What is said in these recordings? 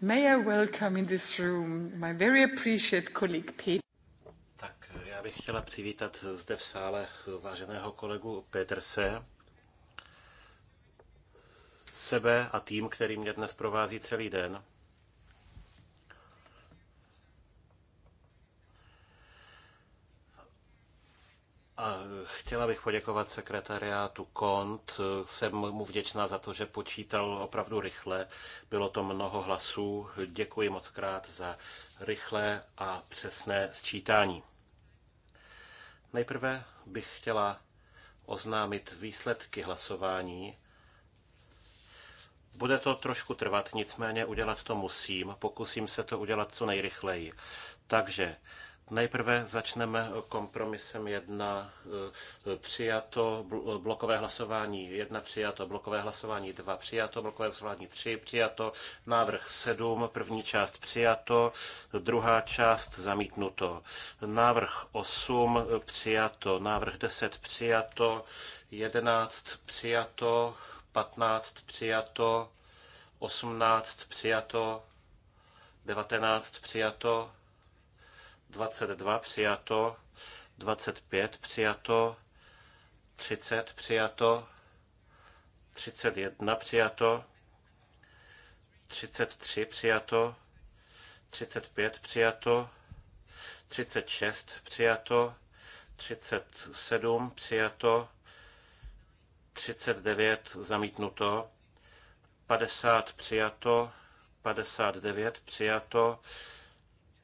May I welcome in this room my very appreciated colleague Peter. Tak já bych chtěla přivítat zde v sále váženého kolegu Petrse, sebe a tým, který mě dnes provází celý den. Chtěla bych poděkovat sekretariátu KONT. Jsem mu vděčná za to, že počítal opravdu rychle. Bylo to mnoho hlasů. Děkuji moc krát za rychlé a přesné sčítání. Nejprve bych chtěla oznámit výsledky hlasování. Bude to trošku trvat, nicméně udělat to musím. Pokusím se to udělat co nejrychleji. Takže Nejprve začneme kompromisem jedna eh, přijato eh, blokové hlasování jedna přijato blokové hlasování dva přijato blokové hlasování tři přijato návrh sedm první část přijato druhá část zamítnuto návrh osm eh, přijato návrh deset přijato jedenáct přijato patnáct přijato osmnáct přijato devatenáct přijato 22 přijato, 25 přijato, 30 přijato, 31 přijato, 33 přijato, 35 přijato, 36 přijato, 37 přijato, 39 zamítnuto, 50 přijato, 59 přijato,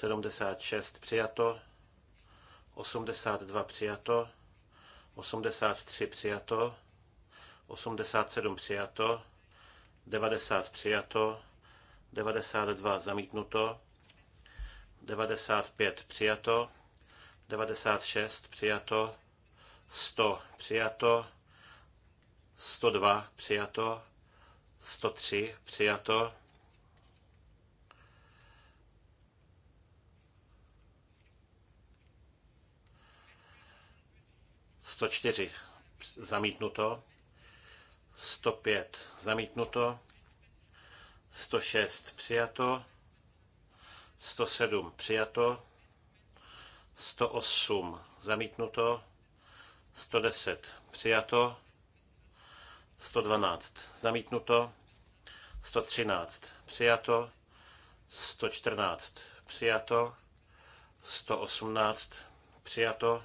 76 přijato, 82 přijato, 83 přijato, 87 přijato, 90 přijato, 92 zamítnuto, 95 přijato, 96 přijato, 100 přijato, 102 přijato, 103 přijato, 104 zamítnuto, 105 zamítnuto, 106 přijato, 107 přijato, 108 zamítnuto, 110 přijato, 112 zamítnuto, 113 přijato, 114 přijato, 118 přijato,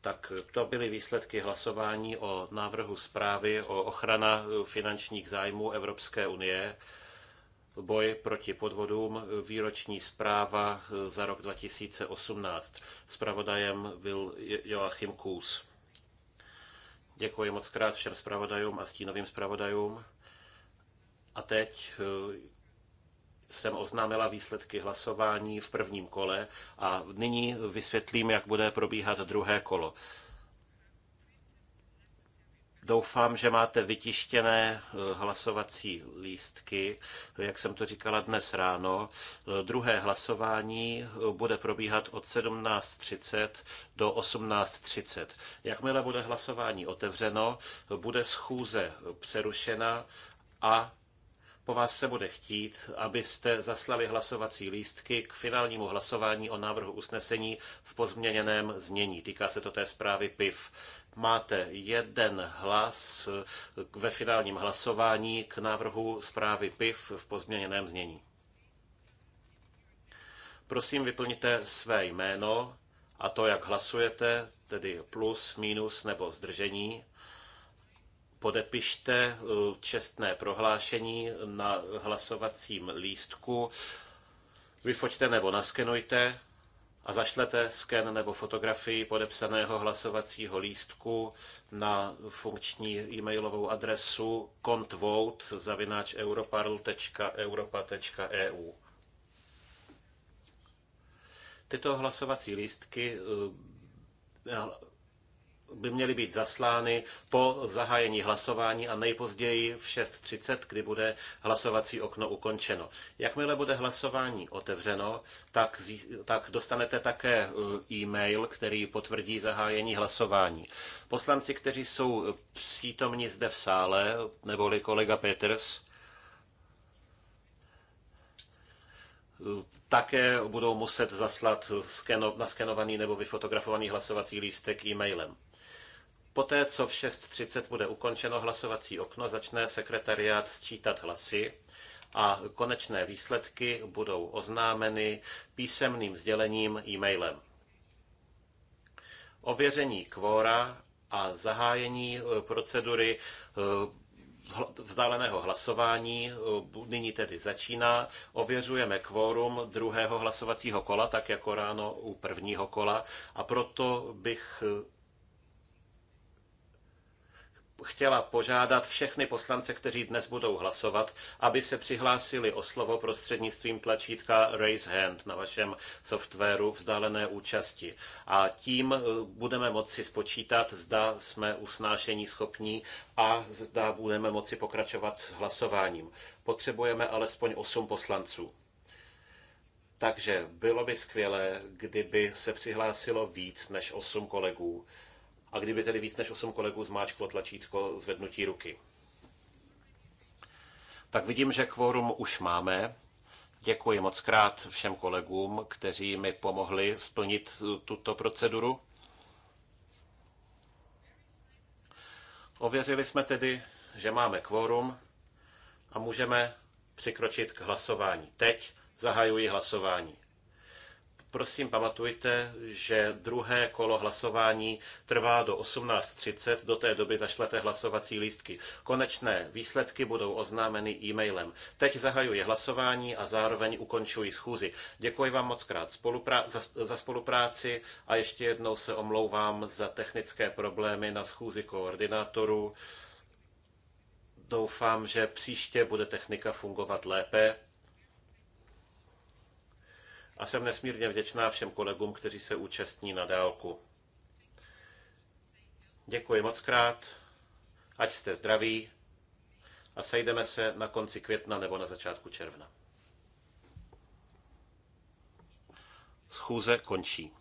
Tak to byly výsledky hlasování o návrhu zprávy o ochrana finančních zájmů Evropské unie, boj proti podvodům, výroční zpráva za rok 2018. Spravodajem byl Joachim Kůz. Děkuji moc krát všem zpravodajům a stínovým zpravodajům. A teď jsem oznámila výsledky hlasování v prvním kole a nyní vysvětlím, jak bude probíhat druhé kolo. Doufám, že máte vytištěné eh, hlasovací lístky, jak jsem to říkala dnes ráno. Eh, druhé hlasování eh, bude probíhat od 17.30 do 18.30. Jakmile bude hlasování otevřeno, bude schůze přerušena a po vás se bude chtít, abyste zaslali hlasovací lístky k finálnímu hlasování o návrhu usnesení v pozměněném znění. Týká se to té zprávy PIV. Máte jeden hlas eh, ve finálním hlasování k návrhu zprávy PIV v pozměněném znění. Prosím, vyplňte své jméno a to, jak hlasujete, tedy plus, minus nebo zdržení podepište eh, čestné prohlášení na hlasovacím lístku, vyfoťte nebo naskenujte a zašlete sken nebo fotografii podepsaného hlasovacího lístku na funkční e-mailovou adresu kontvote.europarl.europa.eu. E Tyto hlasovací lístky eh, by měly být zaslány po zahájení hlasování a nejpozději v 6.30, kdy bude hlasovací okno ukončeno. Jakmile bude hlasování otevřeno, tak, tak dostanete také e, e-mail, který potvrdí zahájení hlasování. Poslanci, kteří jsou přítomní zde v sále, neboli kolega Peters, e, také budou muset zaslat naskeno, naskenovaný nebo vyfotografovaný hlasovací lístek e-mailem. Poté, co v 6.30 bude ukončeno hlasovací okno, začne sekretariát sčítat hlasy a konečné výsledky budou oznámeny písemným sdělením e-mailem. Ověření kvóra a zahájení e, procedury e, vzdáleného hlasování e, nyní tedy začíná. Ověřujeme kvórum druhého hlasovacího kola, tak jako ráno u prvního kola, a proto bych chtěla požádat všechny poslance, kteří dnes budou hlasovat, aby se přihlásili o slovo prostřednictvím tlačítka Raise Hand na vašem softwaru vzdálené účasti. A tím e, budeme moci spočítat, zda jsme usnášení schopní a zda budeme moci pokračovat s hlasováním. Potřebujeme alespoň 8 poslanců. Takže bylo by skvělé, kdyby se přihlásilo víc než 8 kolegů a kdyby tedy víc než 8 kolegů zmáčklo tlačítko zvednutí ruky. Tak vidím, že kvórum už máme. Děkuji moc krát všem kolegům, kteří mi pomohli splnit eh, tuto proceduru. Ověřili jsme tedy, že máme kvórum a můžeme přikročit k hlasování. Teď zahajuji hlasování. Prosím pamatujte, že druhé kolo hlasování trvá do 18.30, do té doby zašlete hlasovací lístky. Konečné výsledky budou oznámeny e-mailem. Teď zahajuji hlasování a zároveň ukončuji schůzi. Děkuji vám moc krát za, za spolupráci a ještě jednou se omlouvám za technické problémy na schůzi koordinátorů. Doufám, že příště bude technika fungovat lépe a jsem nesmírně vděčná všem kolegům, kteří se účastní na dálku. Děkuji moc krát, ať jste zdraví a sejdeme se na konci května nebo na začátku června. Schůze končí.